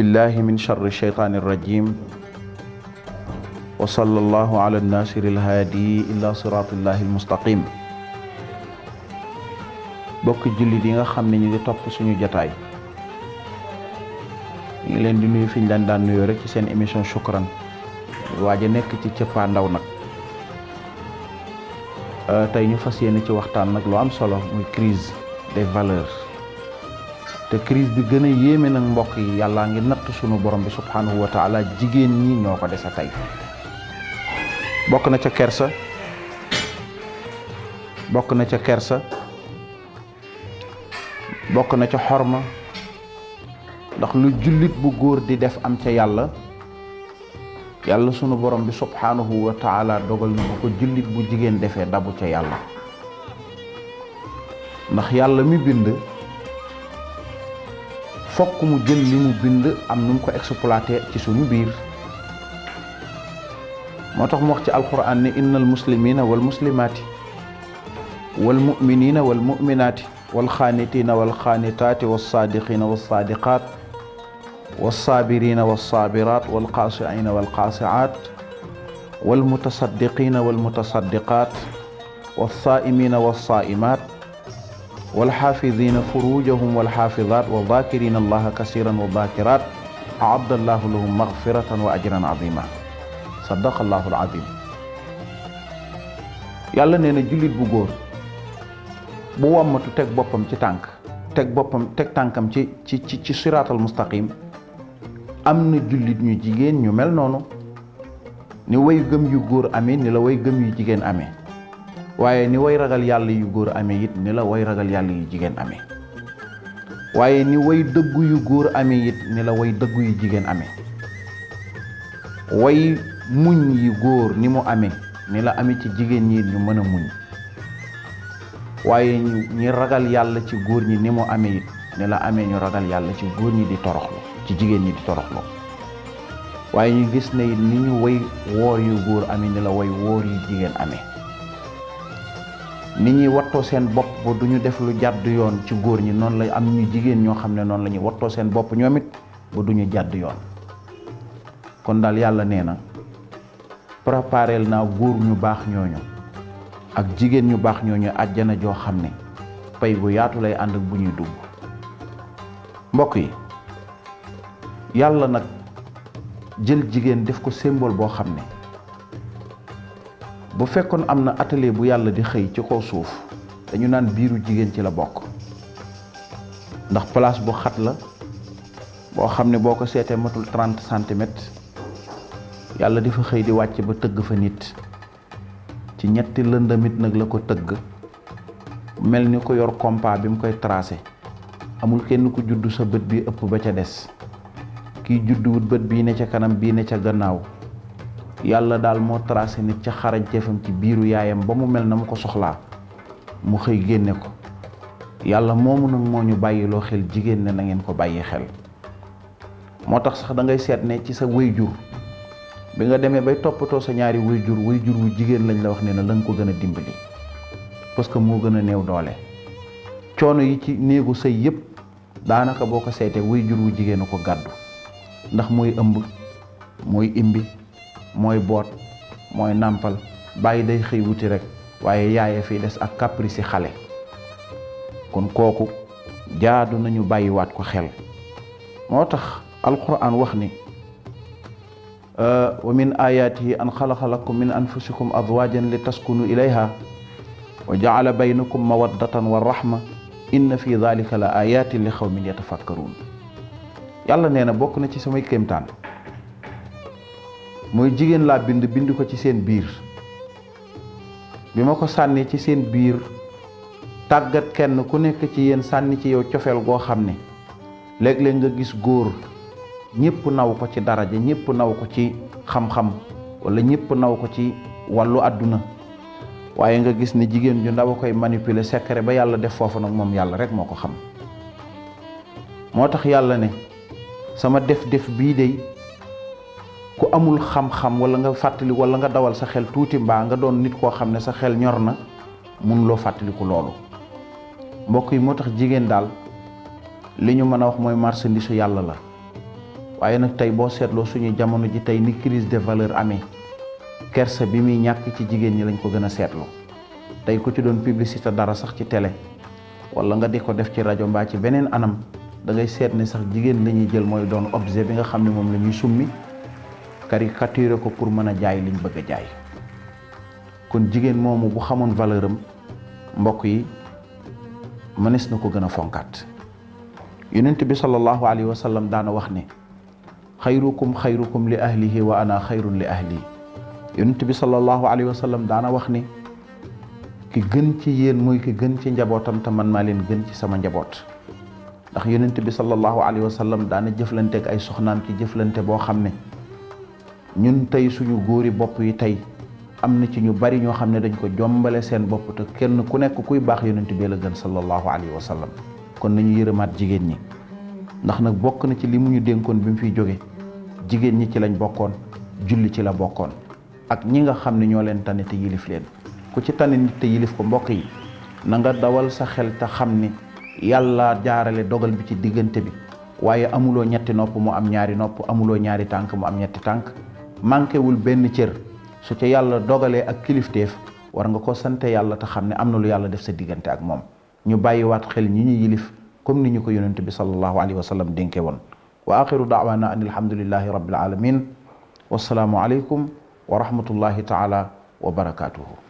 بالله من شر الشيطان الرجيم وصلى الله على الناصر الهادي إلى صراط الله المستقيم bokk jullit yi nga xam ne ñu ngi topp suñu jataay ñu leen di nuyu fi ñu leen daan nuyoo rek ci seen émission Shukran waaja nekk ci cëppaa ndaw nag euh, tey ñu fas yéene ci waxtaan nag lu am solo muy crise des valeurs te crise bi gën a yéeme nag mbokk yi yàllaa ngi natt sunu borom bi subhanahu wa taala jigéen ñii ñoo ko dese tey bokk na ca kersa bokk na ca kersa bokk na ca xorma ndax lu jullit bu góor di def am ca yàlla yàlla sunu borom bi subhanahu wa taala dogal na ko jullit bu jigéen defee dabu ca yàlla ndax yàlla mi bind fokk mu jël li mu bind am nu ko exploité ci suñu biir moo tax mu wax ci alquran ni innal muslimina wal muslimaati wal muminina wal muminaati wal xaanitina wal xaanitaati wal saadiqina wal saadiqaat wal saabirina wal saabiraat wal qaasiina wal qaasiaat walxaafidina furujahum walxaafidaat wa daakirina allaha kasiran wa a aadda allahu lahum magfiratan wa ajran azima sadaqa allahu alazim yàlla nee na jullit bu góor bu wàmmatu teg boppam ci tànk teg boppam teg tànkam ci ci ci ci siraatal mustaqim am na jullit ñu jigéen ñu mel noonu ni way gëm yu góor ame ni la way gëm yu jigéen amee waaye ni woy ragal yàlla yu góor amee it ni la way ragal yàlla yu jigéen amee waaye ni woy dëggu yu góor amee it ni la way dëggu yu jigéen ame woy muñ yu góor ni mu amee ni la ame ci jigéen ñiit ñu mën a muñ waaye ñi ragal yàlla ci góor ñi ni mu amee ni la amee ñu ragal yàlla ci góor ñi di toroxlu ci jigéen ñi di toroxlu waaye ñu gis ne ni ñu way woor yu góor amee ni la way woor yu jigéen amee ni ñuy wattoo seen bopp ba du def lu jàdd yoon ci góor ñi noonu la am ñu jigéen ñoo xam ne noonu la ñuy wattoo seen bopp ñoomit it ba du jàdd yoon kon daal yàlla nee na préparel naa góor ñu baax ñooñu ak jigéen ñu baax ñooñu àjjana joo xam ne pay bu yaatu lay ànd bu ñuy dugg mbokk yi yàlla nag jël jigéen def ko symbole boo xam ne bu fekkoon am na atelier bu yàlla di xëy ci kaw suuf dañu naan biiru jigéen ci la bokk ndax place bu xat la boo xam ne boo ko seetee matul trente centimètres yàlla di fa xëy di wàcc ba tëgg fa nit ci ñetti lëndamit nag la ko tëgg mel ni ko yor compas bi mu koy tracé amul kenn ku judd sa bët bi ëpp ba ca des kiy judduwut bët bii ne ca kanam bii ne ca gannaaw yàlla daal moo tracé nit ca xarañteefam ci biiru yaayam ba mu mel na mu ko soxlaa mu xëy génne ko yàlla moomu nag moo ñu bàyyiloo xel jigéen ne na ngeen ko bàyyi xel moo tax sax dangay seet ne ci sa jur bi nga demee bay toppatoo sa ñaari wayjur wayjur wu jigéen lañ la wax ne na la nga ko gën a dimbali parce que moo gën a néew doole coono yi ci néegu sëy yépp daanaka boo ko seetee wayjur wu jigéen ko gàddu ndax mooy ëmb mooy imbi mooy boot mooy nàmpal bàyyi day xëy wuti rek waaye yaaye fi des ak caprice xale kon kooku jaadu nañu bàyyiwaat ko xel moo tax alquran wax ni euh, wa min ayaatihi an xalaqa lakum min anfusikum azwajan li taskunu ilayha wa jaala baynakum mawaddatan wa rahma inna fi dalika la ayatin li xawmin yatafakkaruun yàlla nee na bokk na ci samay kéemtaan mooy jigéen laa bind bind ko ci seen biir bi ma ko sànni ci seen biir tàggat kenn ku nekk ci yéen sànni ci yow cofeel goo xam ne léeg leen nga gis góor ñépp naw ko ci daraja ñépp naw ko ci xam-xam wala ñépp naw ko ci wàllu àdduna waaye nga gis ne jigéen ju ndaw a koy manipule secret ba yàlla def foofu nag moom yàlla rek moo ko xam moo tax yàlla ne sama def-def bii de ku amul xam-xam wala nga fàttali wala nga dawal sa xel tuuti mbaa nga doon nit koo xam ne sa xel ñor na mun loo fàttaliku loolu mbokk yi moo tax jigéen daal li ñu mën a wax mooy marchandisu yàlla la waaye nag tey boo seetloo suñu jamono ji tey ni crise de valeur amee kersa bi muy ñàkk ci jigéen ñi lañ ko gën a seetlu tey ku ci doon publicité dara sax ci télé wala nga di ko def ci rajo mbaa ci beneen anam dangay seet ne sax jigéen la ñuy jël mooy doon objet bi nga xam ne moom la ñuy summi caricature ko pour mën a jaay liñ bëgg a jaay kon jigéen moomu bu xamoon valeur mbokk yi mënees na ko gën a fonkaat yonent bi sallallahu alayhi wa sallam daana wax ne xayrukum xayrukum li ahlihi wa ana xayrun li ahli yonent bi sallallahu alayhi wa sallam daana wax ne ki gën ci yéen muy ki gën ci njabootam te man maa leen gën ci sama njaboot ndax yonent bi sallallahu alayhi wa sallam daana jëflanteek ay soxnaam ci jëflante boo xam ne ñun tey suñu góori bopp yi tey am na ci ñu bari ñoo xam ne dañ ko jombale seen bopp te kenn ku nekk kuy baax yonent bi la gën sallallahu alayhi wa sallam kon nañu yërëmaat jigéen ñi ndax nag bokk na ci li mu ñu dénkoon bi mu fiy jóge jigéen ñi ci lañ bokkoon julli ci la bokkoon ak ñi nga xam ne ñoo leen tane te yilif leen ku ci tane nit te yilif ko mbokk yi na nga dawal sa xel te xam ni yàlla jaarale dogal bi ci diggante bi waaye amuloo ñetti nopp mu am ñaari nopp amuloo ñaari tànk mu am ñetti tànk manqué wul benn cër su ca yàlla dogalee ak kilifteef war nga ko sante yàlla ta xam ne am na lu yàlla def sa diggante ak moom ñu bàyyiwaat xel ñi ñu yilif comme ni ñu ko yonent bi sallallahu alayhi wa sallam dénke woon wa axiru daawana an alhamdulillahi rabbil alamin wassalaamu aleykum wa rahmatullahi taala wa barakatuhu